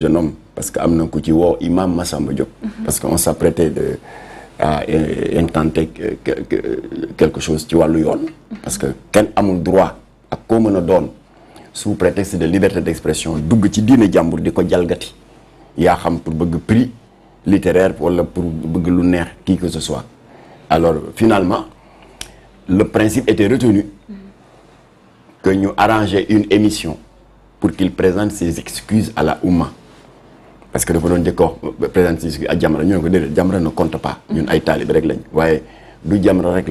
jeune homme parce que am na ku ci woo imam ma Diop mhm. parce que on s'apprêtait de à euh, intenter quelque chose ci wàllu yoon mhm. parce que kenn amul droit ak koo mën a doon sous prétexte de liberté d'expression dugg ci diine jàmbur di ko jalgati yaa xam pour bëgg prix littéraire wala pour bëgg lu neex qui que ce soit alors finalement le principe était retenu mhm. que ñu arranger une émission pour qu'il présente ses excuses à la Oumma parce que dafa doon njëkk wax président si ak Jamra ñu ne ko déedéet Jamra ne compte pas mm. ñun ay taalibe rek lañ waaye du Jamra rek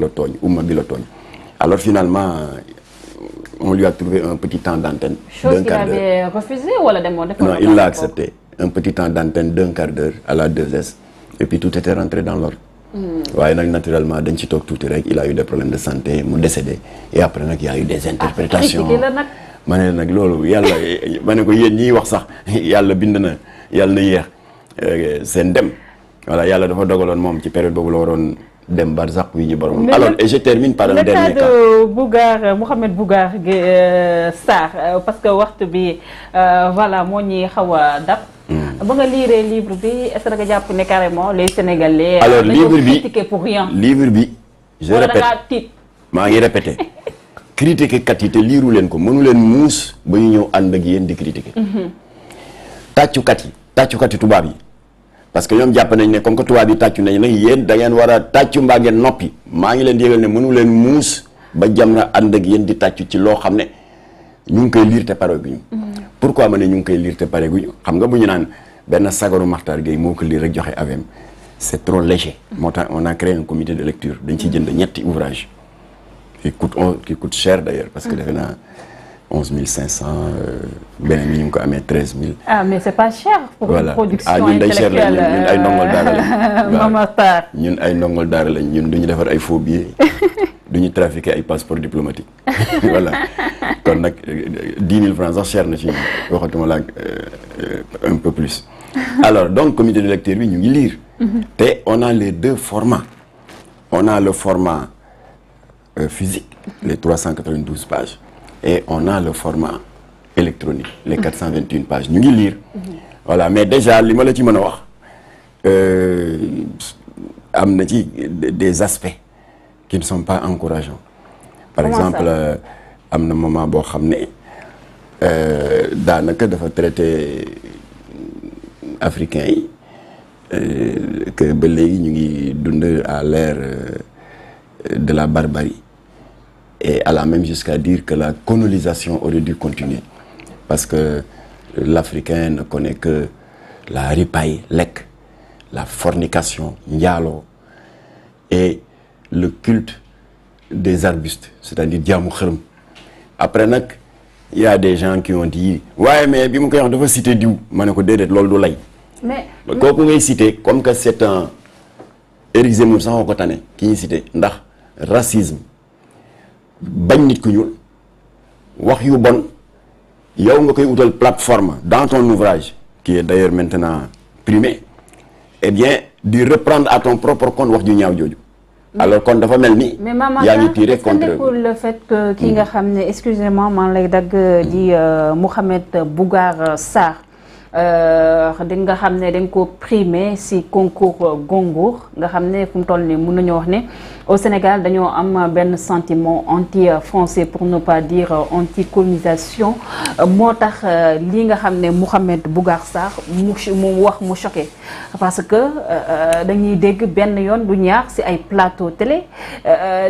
a trouvé un petit temps d'antenne l'a accepté un petit temps d'antenne d'un quart d'heure à la 2S et puis tout était rentré dans l'ordre mm. dañ ci toog tuuti rek il a eu des problèmes de santé mu décédé et a eu des ah, interprétations loolu yàlla ma ne ko yéen wax sax yàlla bind na yàlla na yéex euh, seen dem voilà yàlla dafa dogaloon moom ci période boobu la waroon dem ba wi ñu borom alors et je termine par un dernier cas de Bougar Mouhamed Bougar euh, Sarr euh, parce que waxtu bi voilà moo ñuy xaw a dab hmm. ba nga liiree livre bi est ce que jàpp ne carrément les sénégalais. alors livre bi critiqué pour bi. je maa ngi répété critiqué kat yi te liiru leen ko mënu leen muus ba ñu ñëw ànd ak yéen di critiqué. Mhm. tàccukat yi tàccukat yi tubaab yi parce que ñoom jàpp nañ ne comme que tubaab yi tàccu nañ nag yéen da ngeen war a tàccu mbaa ngeen noppi ngi leen di ne mënu leen muus ba Jamra ànd ak yéen di tàccu ci loo xam ne ñu ngi koy liir te pare guñu mm-hmm. pourquoi ma ne ñu ngi koy liir te pare guñu xam nga bu ñu naan benn sagaru Maxtaar Gueye moo ko liir rek joxe avem c' trop léger moo tax on a créé un comité de lecture dañ ciy jënd ñetti ouvrage qui coûte qui coûte parce que mm-hmm. defe naa onze mille cinq cent euh, beneen bi ñu ngi ko amee treize mille. ah mais c'est pas cher. pour voilà. une production ah, intellectuelle ah ñun day cher ñun ay euh, ndongol daara lañ. ñun ay ndongol daara lañ ñun du ñu defar ay faux billets du ñu trafiquer ay passeport diplomatique voilà kon nag dix mille francs sax cher na ci ñun waxatuma la euh, un peu plus. alors donc comité de lecture bi ñu ngi lire. Mhm. te on a les deux formats. on a le format euh, physique les trois cent quatre vingt et on a le format électronique les 421 pages ñu ngi liir voilà mais déjà li ma la ci mën a wax euh, am na ci des aspects qui ne sont pas encourageants par exemple euh, am na moment boo xam ne euh, daanaka dafa traité africains yi que ba léegi ñu ngi dund à l'ère de la barbarie et allant même jusqu'à dire que la colonisation aurait dû continuer parce que euh, l'Africain ne connaît que la ripaille, l'ec, la fornication, njalo et le culte des arbustes, c'est-à-dire jaamu xërëm après nag il y des gens qui ont dit waaye mais bi mu koy wax dafa cité diw ma ne ko déedéet loolu du lay. mais kooku ngay cité comme que c'est un érigé moom sax ko tane ki ñuy cité ndax racisme. bañ nit ku ñuul wax yu bon yow nga koy utal plateforme dans ton ouvrage qui est d'ailleurs maintenant primé eh bien di reprendre à ton propre compte wax ju ñaaw jooju. Mm. alors kon dafa mel ni. yaa ngi tiré contre mais maman le fait ki nga mm. xam ne excusez-moi man lay dagg di euh, Mouhamed Bougar Sarr. Euh, di nga xam ne dañ ko primé si concours euh, Goncourt nga xam ne fu mu toll nii mun nañu wax ne au Sénégal dañoo am benn sentiment anti français pour ne pas dire euh, anti colonisation moo tax lii nga xam ne Mouhamed Bougar Sarr mu mu wax mu choqué parce que dañuy dégg benn yoon du ñaar si ay plateau télé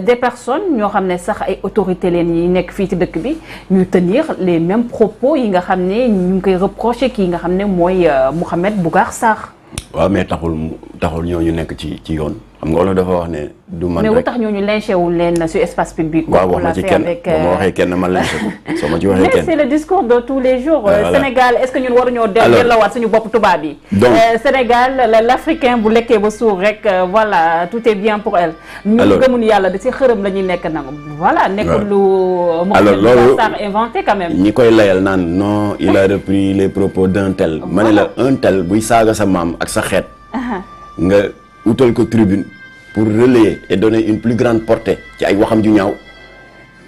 des personnes ñoo xam ne sax ay autorités leen yi nekk fii ci dëkk bi ñu tenir les même propos yi nga xam ne ñu ngi koy reproché kii nga xam ne mooy euh, Mouhamed Bougar Sarr. waaw mais taxul taxul ñooñu nekk ci ci yoon. xam nga olof dafa wax ne. du man rek mais lu tax ñooñu lynchewul leen su espace public. waaw wax ma ci kenn boo ma euh, waxee kenn ma lynche ko soo ma ci waxee kenn. mais c'est le discours de tous les jours. Ah, euh, Sénégal est-ce que ñun waruñoo delloowaat suñu bopp tubaab yi. donc euh, Sénégal l'africain bu lekkee ba suur rek voilà tout est bien pour elle. alors ñu gëmuñu yàlla da ci xërëm la ñuy nekk nag. voilà nekkul lu. alors loolu inventé quand même. ñi koy layal naan non il a repris les propos d'un tel. ma ne la un tel buy saaga sa maam ak sa xeet. Ah. utal ko tribune pour relayer et donner une plus grande portée ci ay waxam ju ñaaw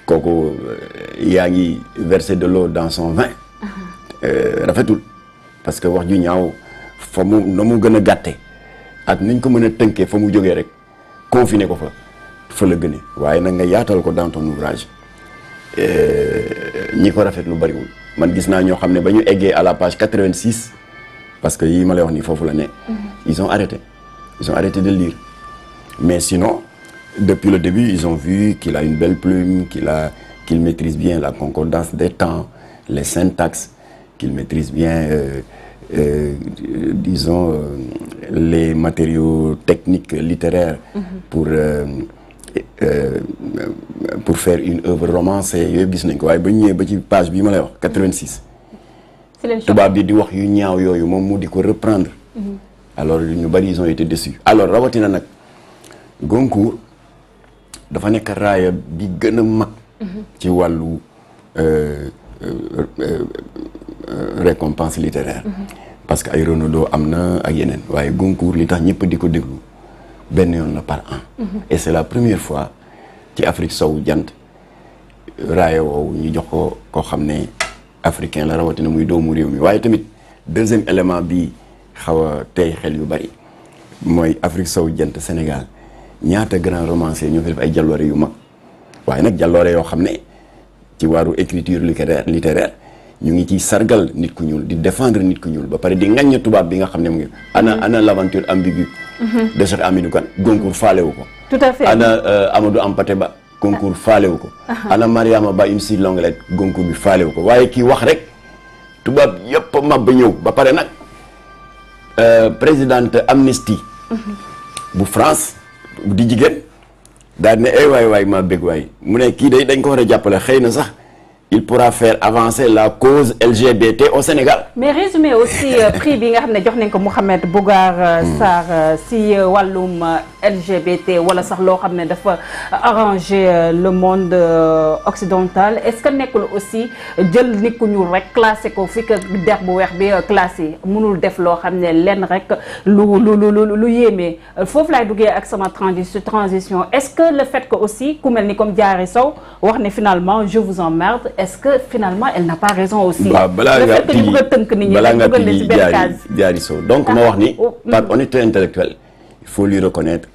kooku euh, yaa ngi verser de l'eau dans son vin euh, rafetul parce que wax ju ñaaw fa mu na mu gën a gàtte ak niñ ko mën a tënkee fa mu jógee rek confiné ko fa fa la waaye nag nga yaatal ko dans ton ouvrage euh, ñi ko rafet lu bariwul man gis naa ñoo xam ne ba ñu eggee à la page quatre-vingt-six parce que yii ma lay wax nii foofu la ne mm-hmm. ils ont arrêté ils ont de lire mais sinon depuis le début ils ont vu qu'il a une belle plume qu'il a bien la concordance des temps les syntaxes qu'il maîtrise bien euh, euh, euh les matériaux techniques littéraires mhm. pour euh, euh, pour faire une œuvre romancée yooyu gis nañ ko waaye ba ñëwee ba ci page bii ma lay wax 86 tubaab bi di wax yu ñaaw yooyu moom mu di ko reprendre mhm. alors ñu bari yi ont été déçus alors rawatina nag Goncourt dafa nekk raaya bi gën a mag ci wàllu euh, euh, euh, récompense littéraire parce que ay Renaudot am na ak yeneen waaye Goncourt li tax ñëpp di ko déglu benn yoon la par an et c'est la première fois ci Afrique sow jant raaya woowu ñu jox ko koo xam ne africain la rawatina muy doomu réew mi waaye tamit deuxième élément bi xaw a tey xel yu bari mooy Afrique sowu jant Sénégal ñaata grand romancier ñoo fi ay jaloore yu mag waaye nag jalloore yoo xam ne ci waaru écriture littéraire littéraire ñu ngi ciy sargal nit ku ñuul di défendre nit ku ñuul ba pare di ŋaññe tubaab bi nga xam ne mu ngi ana ana l'aventure ambiguë mm-hmm. de Cheikh Hamidou Kane concours faalewu ko tout à fait ana euh, Amadou Hampâté Bâ concours faalewu ko uh-huh. ana Mariama Ba une si longue lettre concours faalewu ko waaye kii wax rek tubaab yëpp mab ba ñëw ba pare nag Euh, présidente Amnesty bu France di jigéen daal ne ay eh, waay waay ma bég waay mu ne kii day dañ ko war a jàppale xëy na sax il pourra faire avancer la cause LGBT au Sénégal. mais résumé aussi euh, prix bi nga xam ne jox nañ ko Mouhamed Bougar euh, hmm. Sarr euh, si wàllum LGBT wala sax loo xam ne dafa arranger le monde occidental est-ce que nekkul aussi jël nit ku ñuul rek classé ko fi que der bu weex bi classé mënul def loo xam ne lenn rek lu lu lu lu yéeme foofu laay duggee ak sama transi transition est-ce que le fait que aussi ku mel ni comme Diary Sow wax ne finalement je vous emmerde est-ce que finalement elle n'a pas raison aussi. waaw balaa ngaa tijji ñu bëgg a tënk jaari soo donc ma wax ni. Ah, oh, mm. par honnêteté intellectuelle il faut lui reconnaître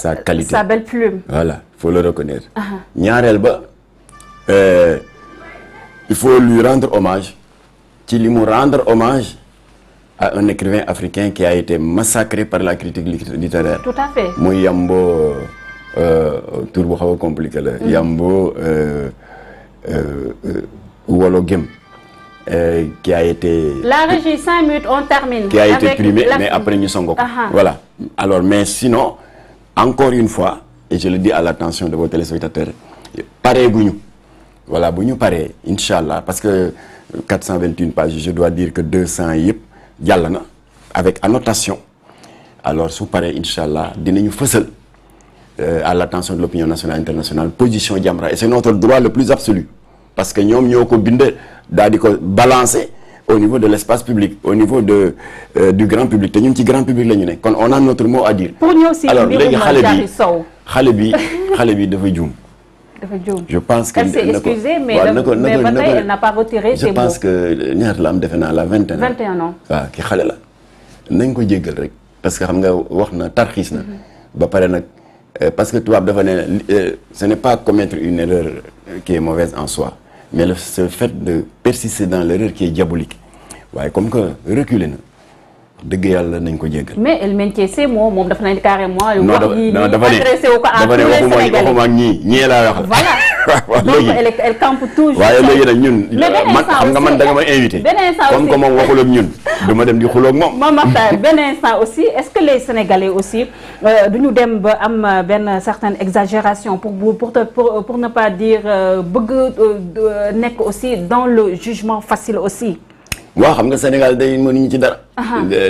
sa euh, qualité voilà faut le reconnaître. Ah, ah. ñaareel ba euh, il faut lui rendre hommage ci li mu rendre hommage à un écrivain africain qui a été massacré par la critique littéraire. tout à fait muy euh, compliqué la. Mm. Yambo. Euh, euh, Wolo Gem. Euh, qui a été. La régie, primé, mais après ñu sommes ko Voilà. Alors, mais sinon, encore une fois, et je le dis à l'attention de vos téléspectateurs, pareil ñu Voilà, Bougnou pareil, Inch'Allah. Parce que 421 pages, je dois dire que 200 jàll na avec annotation. Alors, si vous allah Inch'Allah, nous faisons. Euh, à l'attention de l'opinion nationale internationale position Jamra et c'est notre droit le parce que ñoom ñoo ko bind daal di ko balancer au niveau de l'espace public au niveau de euh, du grand public te ñun ci grand public la ñu ne kon on a notre alors léegi xale bi xale bi xale bi dafa juum. pense que. elle s'est excusée mais n'a pas je pense que ñaar la am defe naa la vingt et un. vingt ki xale la. nañ ko jéggal rek parce que xam nga wax na tarxiis na. Mm-hmm. ba pare nag. Euh, parce que tubaab dafa ne euh, ce n'est pas commettre une erreur qui est mauvaise en soi mais le ce fait de persister dans l'erreur qui est diabolique waaye comme que reculer na dëgg yàlla nañ ko jéggal. mais El Hadj Cissé moom dafa ne carrément. wax yii nii adressé wu ko à tous les dafa ne waxuma waxuma ak ñii ñee laa wax. voilà. waaw léegi donc elle campe toujours. waaye léegi nag ñun. man xam nga man da nga ma invité. beneen saa aussi comme que moom waxul ñun. du ma dem di xuloo ak moom. moom Makhtar beneen saa aussi est ce que les sénégalais aussi euh, du ñu dem ba am euh, benn certaine exagération pour pour pour pour ne pas dire euh, bëgg nekk aussi dans le jugement facile aussi. waaw xam nga Sénégal day mënuñu ci dara.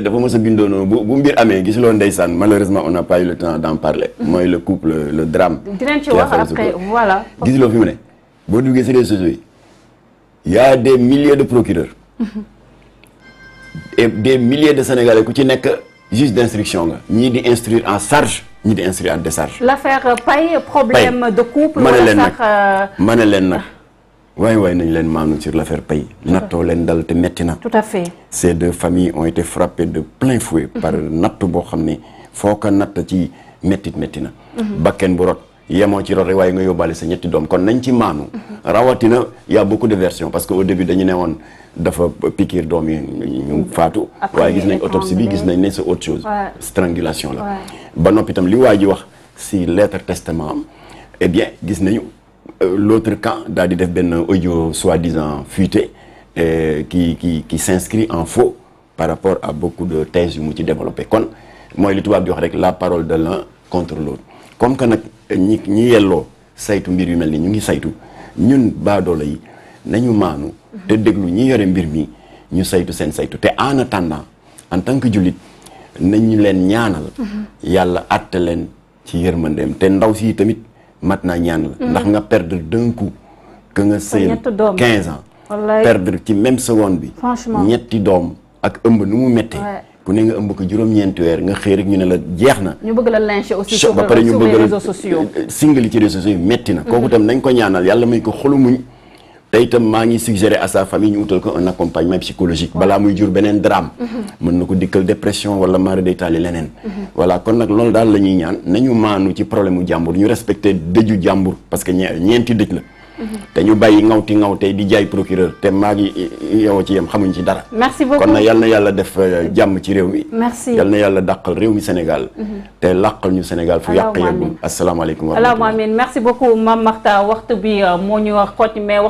dafa mës a bindoo noonu bu bu mbir amee gisuloo ndeysaan malheureusement on n'a pas le temps d'en parler. mooy le couple le drame. dinañ ci wax fi mu ne boo duggee si réseaux yi y des milliers de procureurs. et des milliers de Sénégalais ku ci nekk juge d'instruction nga. ñii di instruire en charge ñii di instruire en décharge. l'affaire Paye problème de couple. mën na euh, leen nag mën na leen nag. waaye waaye nañ leen maanu sur l'affaire Paye nattoo leen dal te metti na tout à fait ces deux familles ont été frappées de plein fouet mhm. par natt boo xam ne foo ko natt ci mettit metti na mhm. bakken bu rot yemoo ci rot rek waaye nga yóbbaale sa ñetti doom kon nañ ci maanu mhm. rawatina y a beaucoup de versions parce que au début dañu ne woon dafa piqûre doom yi ñu faatu waaye gis nañ autopsie bi gis nañ ne c'est autre chose strangulation la ba noppi itam li waa ji wax si lettre testament am eh bien gis nañu Euh, l'autre camp daal di def benn audio soi-disant fuité euh, qui qui qui s'inscrit en faux par rapport à beaucoup de thèses yu mu ci développé kon mooy li tubaab di wax rek la parole de l'un contre l'autre comme que nag ñi ñi yelloo saytu mbir yu mel ni ñu ngi saytu ñun baadoola yi nañu maanu te déglu ñi yore mbir mi ñu saytu seen saytu te en attendant en tant que jullit nañu leen ñaanal mhm. yàlla àtte leen ci yërmandeem te ndaw si tamit mat naa ñaan la ndax nga perdre d'un coup que nga sëy quinze ans perdre ci même seconde bi ñetti doom ak ëmb nu mu méttee ku ne nga ëmb ko juróom-ñeenti weer nga xëy rek ñu ne la jeex na. ñu bëgg la lyncher aussi sur les réseaux sociaux ba pare ci réseaux sociaux yi métti na. Mm-hmm. kooku tam nañ ko ñaanal yàlla may ko xolu muñ. te itam maa ngi suggéré à famille ñu wutal ko un accompagnement psychologique balaa muy jur beneen drame mhm. mën na ko dikkal dépression wala mara daytaali leneen mhm. voilà kon nag loolu daal la ñuy ñaan nañu maanu ci problème mu jàmbur ñu respecté dëju jàmbur parce que ñeenti dëj la mhm. te ñu bàyyi ngawti ngawte di jaay procureur te maa ngi yow ci yem xamuñ ci dara. merci kon nag yal na yàlla def euh, jàmm ci réew mi. merci yal yàlla dàqal réew mi Sénégal. te làqal ñu Sénégal fu yàq yeggul. asalaamaaleykum wa